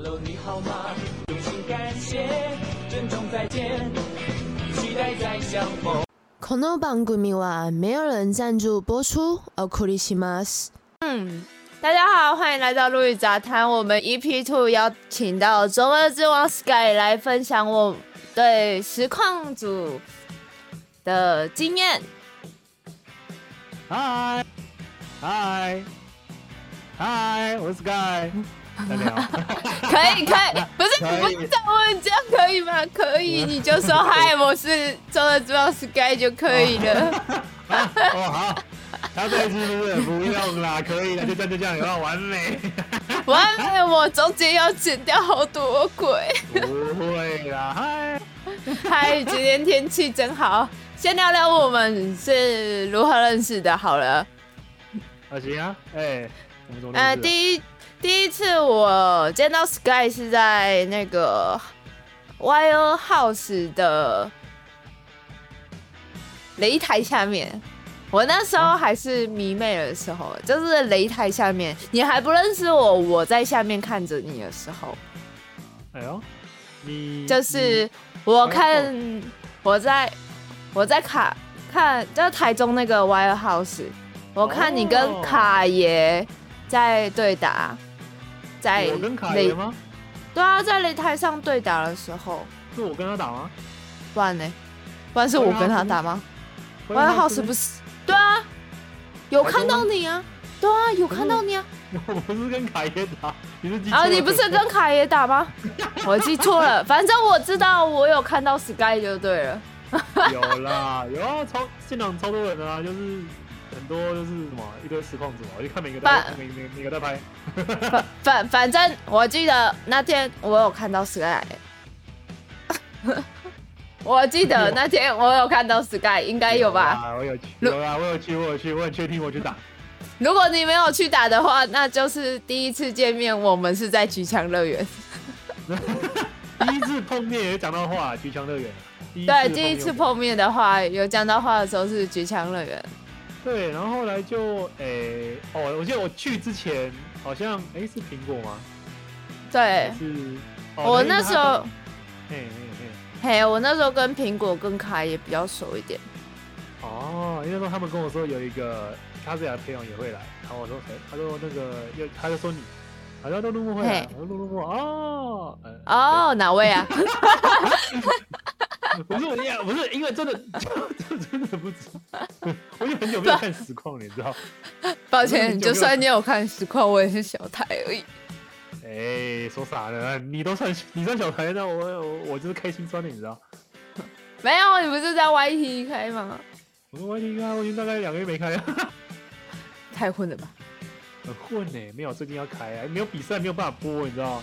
好この番組は、沒有人贊助播出。おクリスマス。嗯，大家好，歡迎來到鹿語雜談。我們 EP Two 邀請到中二之王 Sky 來分享我對實況主的經驗。Hi，Hi，Hi，我是 Sky。 可以可以，不是不是這樣，這樣可以嗎？可以， 你就說，嗨，我是做了主要 SKY 就可以了。 啊、哦好，他這一次是不是不用啦？可以了，就真的這樣，這樣有完完美， 完美。我中間要剪掉好多鬼。 不會啦，嗨嗨， Hi, 今天天氣真好，先聊聊我們是如何認識的。好了，好、啊、行啊，哎、欸，呃，第一。第一次我見到 Sky 是在那個 Warehouse 的擂台下面，我那時候還是迷妹的時候，就是擂台下面，你還不認識我，我在下面看着你的時候，哎呦，你就是我看我在我在卡看，就是台中那個 Warehouse，我看你跟卡爺在對打。在擂，我跟凱爺嗎？對啊，在擂台上對打的時候，是我跟他打嗎？不然呢？不然是我跟他打嗎？我要好死不死。對啊，有看到你啊！對啊，有看到你啊！不，我不是跟凱爺打，你是啊？你不是跟凱爺打嗎？ 我記錯了，反正我知道我有看到 Sky 就對了。 有啦，有、啊、超現場超多人的啊，就是。很多都是什麼一堆實況主，我就看每個都每每，每個拍。 反反正，我記得那天我有看到 Sky， 我記得那天我有看到 Sky，應該有吧，有，我有有。我有去，有啊，我有去，我有去，我很確定我去打。如果你沒有去打的話，那就是第一次見面，我們是在舉強樂園。第一次碰面也有講到話，舉強樂園。對，第一次碰面的話有講到話的時候是舉強樂園。對，然後後來就哎，哦，我記得我去之前好像哎，是蘋果嗎？對，是、哦。我那時候，嘿嘿嘿，嘿，我那時候跟蘋果跟卡也比較熟一點。哦，因為說他們跟我說有一個，卡姿雅的朋友也會來，然後我說誰？他說那個又，他就說你，好像都陸木會，我說陸木木哦。呃、哦，哪位啊？ 不是我那不是因為真的，就就真的不知道。我已經很久沒有看實況了， 你知道？抱歉，你就算你有看實況， 我也是小台而已。哎、欸，說啥呢？你都算你算小台，那我我我，我就是開心酸的，你知道？ 沒有，你不是在 YT 開嗎？我說 YT 開，我已經大概兩個月沒開了。 太混了吧？很混呢，沒有最近要開啊，沒有比賽沒有辦法播，你知道？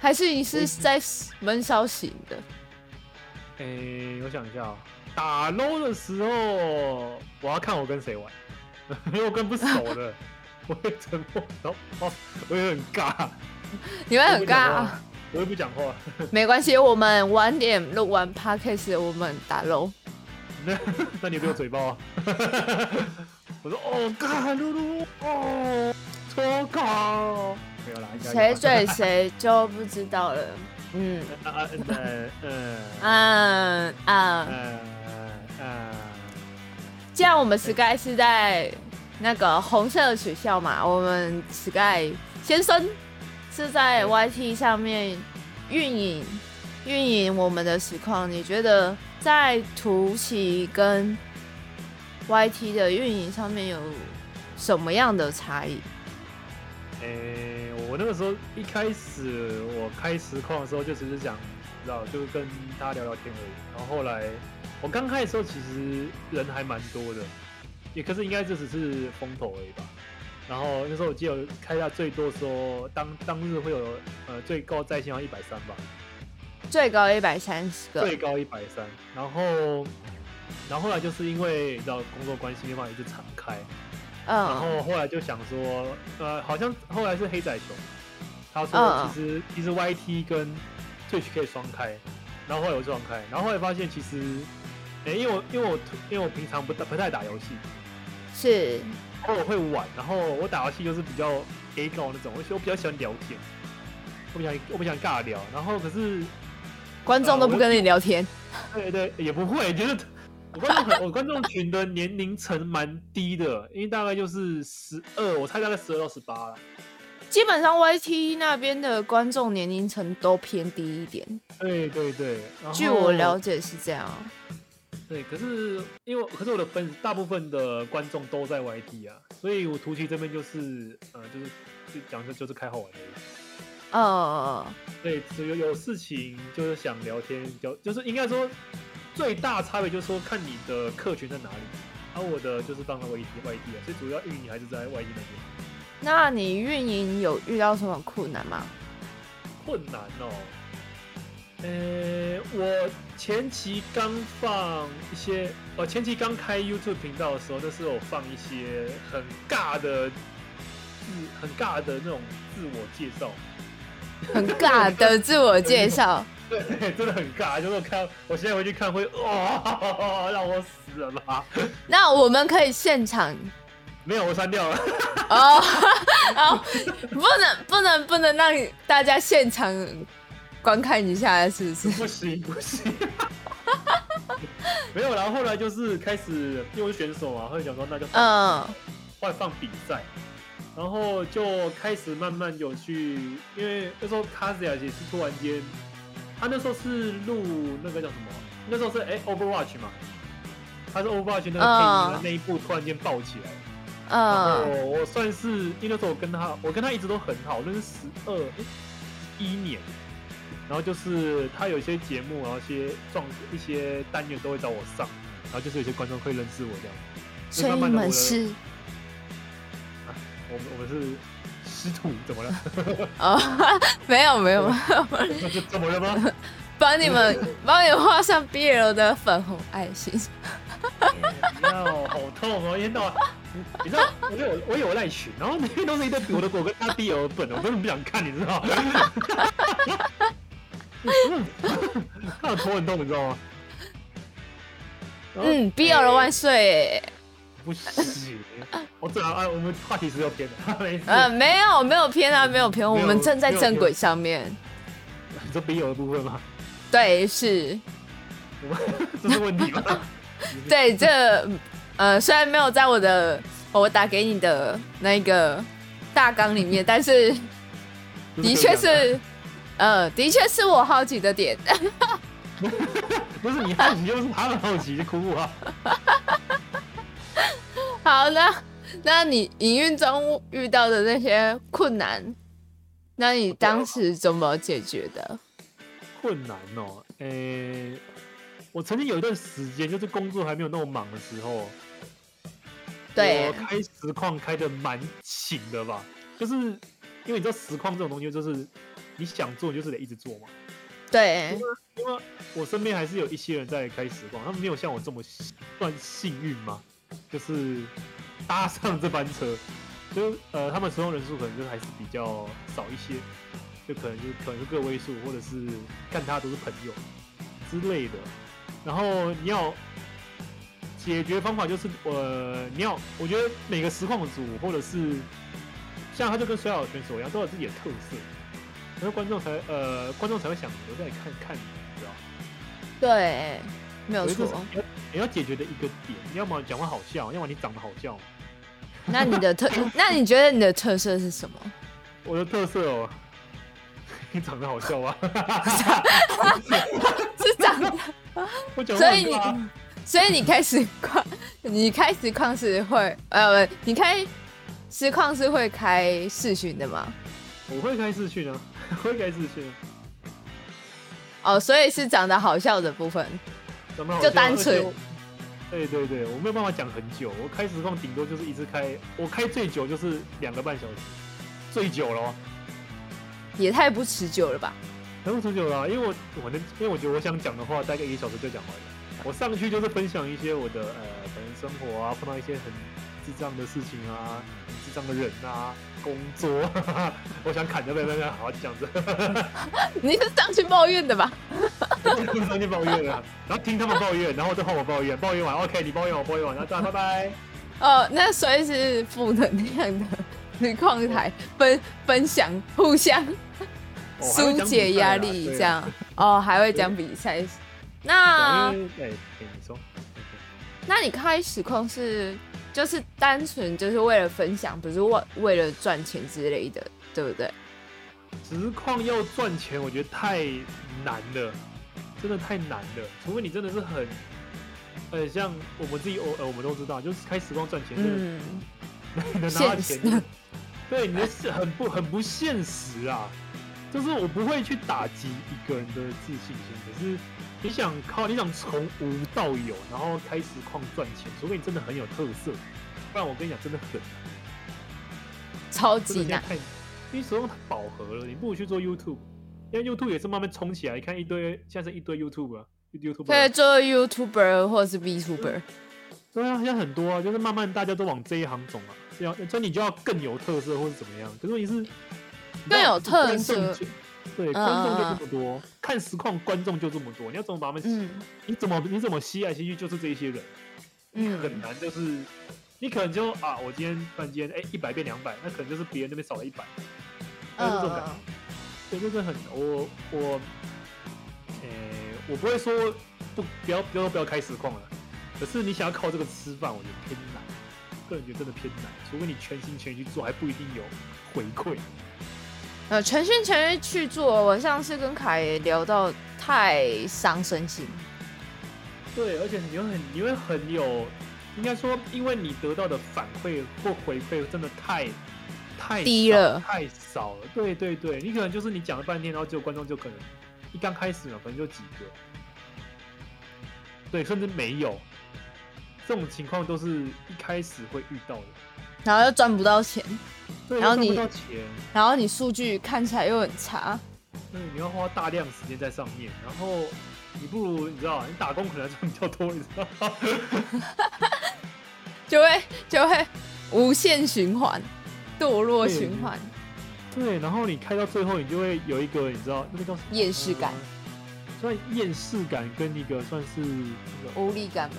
還是你是在悶騷型的？哎、欸，我想一下、哦，打 low 的時候，我要看我跟誰玩， 沒有我跟不熟的， 我也沉默，哦哦，我也很尬，你會很尬，我，不講 我也不講話。沒關係，我們晚點錄完 podcast，我們打 low。那 那你不用嘴砲啊？ 我說哦尬嚕嚕哦超尬。誰追誰就不知道了。嗯， 嗯啊，嗯、啊，嗯嗯。嗯嗯嗯。嗯嗯嗯。嗯。嗯。這樣我們 Sky 是在那個紅色學校嘛，我們 Sky 先生是在 YT 上面運營運營我們的實況，你覺得在圖奇跟 YT 的運營上面有什麼樣的差異？嗯。我那個時候一開始我開實況的時候就只是想知道，就是跟大家聊聊天而已。然後後來我剛開始的時候其實人還蠻多的，也可是應該這只是風頭而已吧。然後那時候我記得有開下最多說當當日會有呃最高在線要一百三吧，最高一百三十個，最高一百三。然後然後後來就是因為你知道工作關係，沒辦法一直敞開。嗯，然後後來就想說，呃，好像後來是黑仔熊，他說其實、嗯、其實 YT 跟 t w i t c h 可以雙開，然後後來我雙開,開，然後後來發現其實，哎、欸，因為我因為我因為我平常不不太打遊戲，是，偶爾會玩，然後我打遊戲就是比較 A g 那種，而且我比較喜歡聊天，我不想我不想尬聊，然後可是觀眾都不跟你聊天，呃、對對,對，也不會覺得。就是 我觀眾，我觀眾群的年齡層蠻低的，因為大概就是十二，我猜大概十二到十八啦。基本上 YT 那邊的觀眾年齡層都偏低一點。對對對，據我了解是這樣喔。對，可是因為可是我的粉絲，大部分的觀眾都在 YT 啊，所以我圖奇這邊就是呃，就是講的就，就是開好玩的。哦哦哦。對，有有事情就是想聊天，聊就是應該說。最大差別就是說，看你的客群在哪裡，而、啊、我的就是放在外外地，外地、啊，所以主要運營還是在外地那邊。那你運營有遇到什麼困難嗎？困難哦，呃、欸，我前期剛放一些，我、哦、前期剛開 YouTube 頻道的時候，那時候我放一些很尬的，很尬的那種自我介紹，很尬的自我介紹。 嗯嗯嗯對，對，對，真的很尬，就是我看我現在回去看會，哇、哦哦，讓我死了。那我們可以現場？沒有，我刪掉了。哦、oh, 哦、 oh. oh. 不能不能不能讓大家現場觀看一下，是不是？不行不行， 沒有然後，後來就是開始因為我是選手嘛，後來想說那就嗯，快、oh. 上比賽，然後就開始慢慢有去，因為那時候卡斯亞也是突然間。他那時候是錄那個叫什麼？那時候是哎、欸、，Overwatch 嘛，他是 Overwatch 那個電影的、呃、那一部突然間爆起來哦，呃、我算是，因為那時候我跟他，我跟他一直都很好，認識十二一年。然後就是他有一些節目，然後一些狀一些單元都會找我上，然後就是有些觀眾可以認識我這樣。所以慢慢的我的你們是？啊，我們我們是。吃土怎麼了？哦，沒有沒有沒有，那怎麼了嗎？幫你們幫你們畫上 BL 的粉紅愛心。喲、嗯，好痛哦！因為那你知道你都有我有我有賴群，然後每天都是一堆我的果哥跟大 BL 本，我根本不想看，你知道嗎？我頭很痛，你知道嗎？嗯，BL 的萬歲！不行、欸，我、哦、知道啊，我們話題是要偏的。嗯、呃，沒有沒有偏啊，沒有偏沒有，我們正在正軌上面。這邊有的部分嗎？對，是。 這是問題嗎？對，這個、呃，雖然沒有在我的我打給你的那個大綱裡面，但是，是的，的確是，呃，的確是我好奇的點。 不是你是好奇，就是他的好奇，哭啊！好了，那那你營運中遇到的那些困難，那你當時怎麼解決的？困難哦，呃、欸，我曾經有一段時間，就是工作還沒有那麼忙的時候，對，我開實況開的蠻勤的吧，就是因為你知道實況這種東西就是你想做，就是得一直做嘛。對，因為因為我身邊還是有一些人在開實況，他們沒有像我這麼算幸運嘛？就是搭上這班車，就呃，他們實況人數可能就還是比較少一些，就可能就可能是個位數，或者是看他都是朋友之類的。然後你要解決方法就是呃，你要我覺得每個實況主或者是像他就跟摔角選手一樣，都有自己的特色，然後觀眾才呃，觀眾才會想留在看看，你知道嗎？對，沒有錯。你、欸、要解決的一個點，要麼講話好笑，要麼你長得好笑。那你的特， 那你覺得你的特色是什麼？我的特色哦，你長得好笑啊， 是長得的 所以你，所以你開實況， 你開實況是會，呃，你開實況是會開視訊的嗎？我會開視訊的， 我會開視訊、啊。哦，所以是長得好笑的部分。麼就單純，對對對，我沒有辦法講很久。我開實況頂多就是一直開，我開最久就是兩個半小時，最久了，也太不持久了吧？很不持久了！因為我我能，因為我覺得我想講的話，大概一個小時就講完了。我上去就是分享一些我的呃，本人生活啊，碰到一些很智障的事情啊，很智障的人啊，工作， 我想砍着在那那好好講着 你是上去抱怨的吧？互相念抱怨的，然後聽他們抱怨，然後再換我抱怨，抱怨完，OK，你抱怨我抱怨完，然後 拜拜、呃。哦，那算是負能量的，女礦台分分享，互相疏解壓力這、哦啊，這樣。哦，還會講比賽。那哎，欸、你說，欸、那你開實況是就是單純就是為了分享，不是為為了賺錢之類的，對不對？實況要賺錢，我覺得太難了。真的太難了，除非你真的是很，呃、欸，像我們自己，爾、呃、我們都知道，就是開實況賺錢真的，嗯，能 拿到錢，對，你的是很不很不現實啊。就是我不會去打擊一個人的自信心，可是你想靠你想從無到有，然後開實況賺錢，除非你真的很有特色，不然我跟你講真的很難，超級難。真的真的太因為實況太飽和了，你不如去做 YouTube。現在 YouTube 也是慢慢衝起來，你看一堆，現在是一堆 YouTuber 啊。YouTuber 做 YouTuber 或者是 VTuber，就是，對啊，好像很多啊，就是慢慢大家都往這一行走啊。這樣，所以你就要更有特色或者怎麼樣。可是說你是更有特色，眾呃、對，觀眾就這麼多，呃、看實況觀眾就這麼多，你要怎麼把他們吸、嗯？你怎麼你怎麼吸來吸去就是這些人，嗯，很難，就是你可能就啊，我今天突然間哎一百變兩百，那可能就是別人那邊少了一百，呃，有，就是、這種感覺。呃就是很我我、欸，我不會說不，不要不要不要開實況了。可是你想要靠這個吃飯，我覺得偏難。個人覺得真的偏難，除非你全心全意去做，還不一定有回饋。呃，全心全意去做，我上次跟凱爺聊到，太傷身心。對，而且你會很你會很有，應該說，因為你得到的反饋或回饋真的太。太低了，太少了。對對對，你可能就是你講了半天，然後就觀眾就可能一剛開始嘛，反正就幾個，對，甚至沒有。這種情況都是一開始會遇到的，然後又賺不到錢，然後你然後你數據看起來又很差，對，你要花大量時間在上面，然後你不如你知道，你打工可能賺比較多，你知道嗎？ 就會就會無限循環。墮落循環，對，然後你開到最後，你就會有一個你知道那個叫什麼厭世感，所以厭世感跟一個算是那個無力感吧，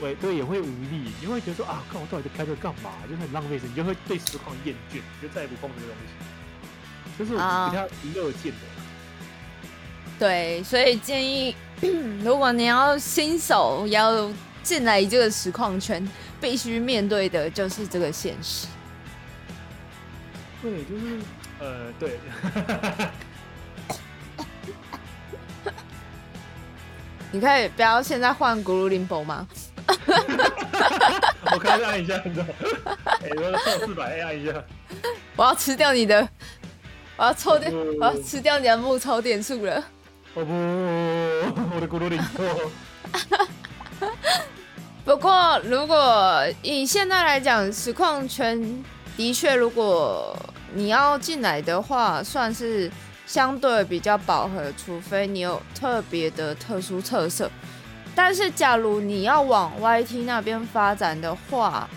對，對，也會無力，你會覺得說啊，看我到底在開這幹嘛，就很浪費時間，你就會對實況厭倦，你就再也不碰這個東西，就是比較娛樂性的。Uh，對，所以建議，如果你要新手要進來這個實況圈，必須面對的就是這個現實。對，就是，呃，對， 你可以不要現在換咕嚕林波嗎？ 我開暗一下，你知道？欸、我要四百，暗一下。我要吃掉你的，我要抽點，哦、我要吃掉你的木，抽點數了。我不，我的咕嚕林波。不過，如果以現在來講，實況圈的確，如果。你要進來的話，算是相對比較飽和，除非你有特別的特殊特色。但是，假如你要往 YT 那邊發展的話，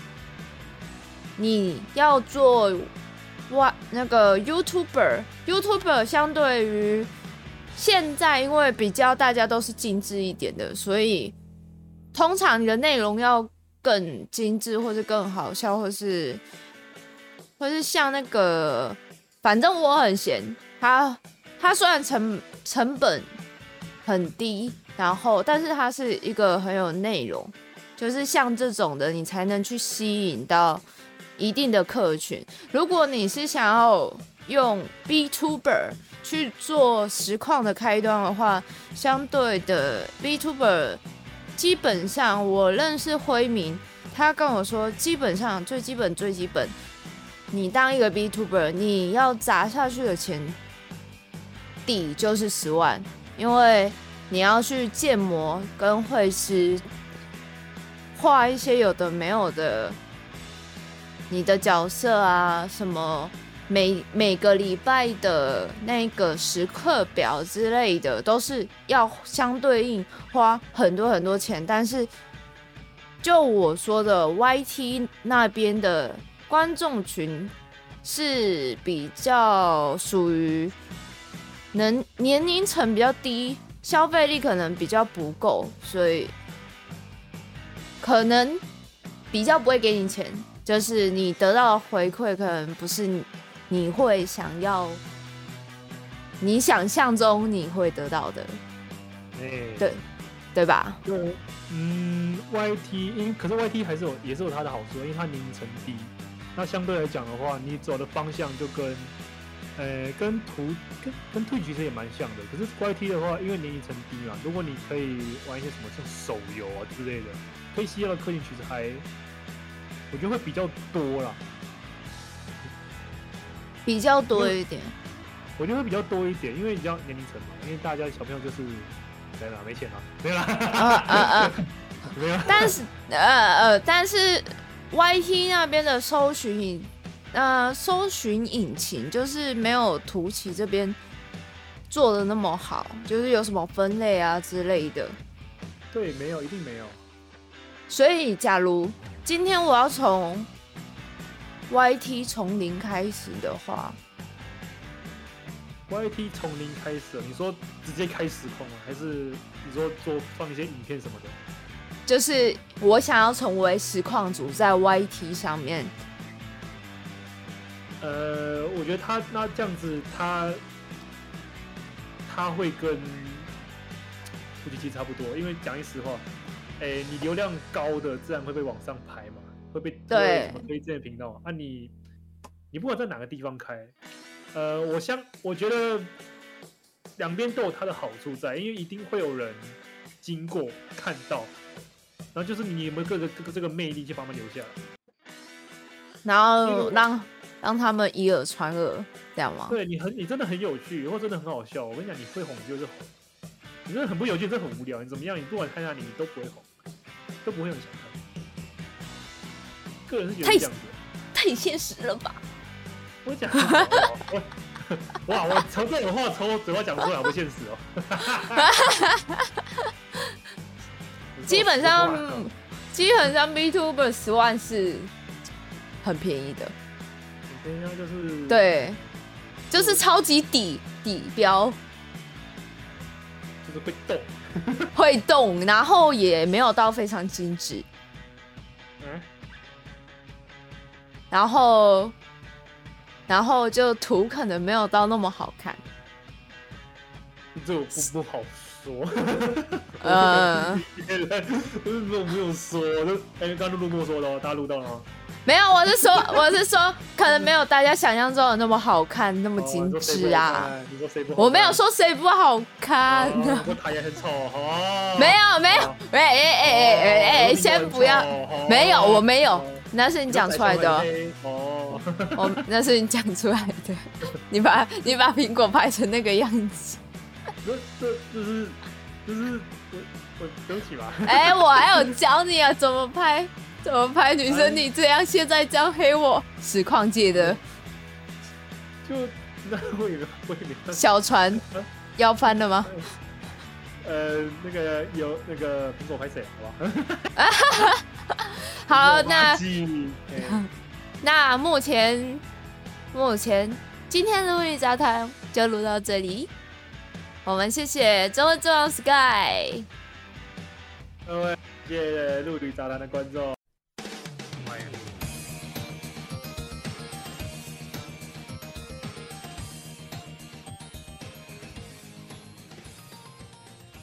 你要做 Y 那個 YouTuber。YouTuber 相對於現在，因為比較大家都是精致一點的，所以通常你的內容要更精致，或是更好笑，或是。或是像那個，反正我很閒。它他雖然成成本很低，然後，但是它是一個很有內容，就是像這種的，你才能去吸引到一定的客群。如果你是想要用 B Tuber 去做實況的開端的話，相對的 B Tuber 基本上我認識輝明，他跟我說，基本上最基本最基本。你當一個 VTuber，你要砸下去的錢底就是十萬，因為你要去建模跟繪師畫一些有的沒有的你的角色啊，什麼每每個禮拜的那個時刻表之類的，都是要相對應花很多很多錢。但是就我說的 YT 那邊的。觀眾群是比較屬於能年齡層比較低，消費力可能比較不夠，所以可能比較不會給你錢，就是你得到的回饋可能不是你，你會想要，你想象中你會得到的。欸、對，對吧？就嗯，YT，因為可是 YT 還是有也是有它的好處，因為它年齡層低。那相對來講的話，你走的方向就跟，呃，跟圖，跟跟 Twitch 其實也蠻像的。可是 Y T 的話，因為年齡層低嘛，如果你可以玩一些什麼像手遊啊之類的，可以吸到的客群其實還，我覺得會比較多啦，比較多一點。我覺得會比較多一點，因為你知道年齡層嘛，因為大家小朋友就是，對啦，沒錢啦，對啦，啊啊沒啦。但是呃呃，但是。Uh, uh, 但是 Y T 那邊的搜尋，呃，搜尋引擎就是沒有圖奇這邊做的那麼好，就是有什麼分類啊之類的。對，沒有，一定沒有。所以，假如今天我要從 Y T 從零開始的話，Y T 從零開始，你說直接開實況啊，還是你說做放一些影片什麼的？就是我想要成為實況主，在 YT 上面。呃，我覺得他那這樣子，他他會跟，夫妻機差不多，因為講句實話，哎、欸，你流量高的自然會被往上排嘛，會被對對什麼推薦頻道那、啊、你你不管在哪個地方開，呃，我相我覺得兩邊都有他的好處在，因為一定會有人經過看到。就是你有沒有各個這個魅力去把他們留下來，然後讓讓他們以耳傳耳，這樣嗎？對，你很你真的很有趣，以後真的很好笑。我跟你講，你會紅你就是紅，你真的很不有趣，真的很無聊。你怎麼樣？你不管看啥你都不會紅，都不會很想看。個人是覺得這樣子太，太現實了吧？我講什麼 我，哇，我從這種話抽，嘴巴講出來，不現實哦。 基本上，啊、基本上 VTuber 十萬是很便宜的。等一下就是對，對，就是超級底底標，就是被動， 會動，然後也沒有到非常精致。嗯。然後，然後就圖可能沒有到那麼好看。這個、不、不好。 呃、 說，嗯，不不用說，就剛鹿鹿跟我說的，大家錄到了沒有，我是說，我是說，可能沒有大家想象中的那麼好看，那麼精致啊、哦。我沒有說誰不好看、啊。他、哦、也很醜、哦，沒有沒有，哎哎哎哎哎哎，先不要,、哦欸先不要哦，沒有，我沒有，那是你講出來的哦，那是你講出來的，你,來的哦、 你把你把蘋果拍成那個樣子。這這是這是，這是我我對不起吧？哎、欸，我還有教你啊， 怎麼拍，怎麼拍女生，你這樣現在教黑我，實況界的就那會會小船要翻了嗎？呃，那個有那個蘋果拍手，好不好？ 好那、嗯、那目前目前今天的鹿語雜談就錄到這裡。我們謝謝周周 sky，各位，謝謝鹿語雜談的觀眾。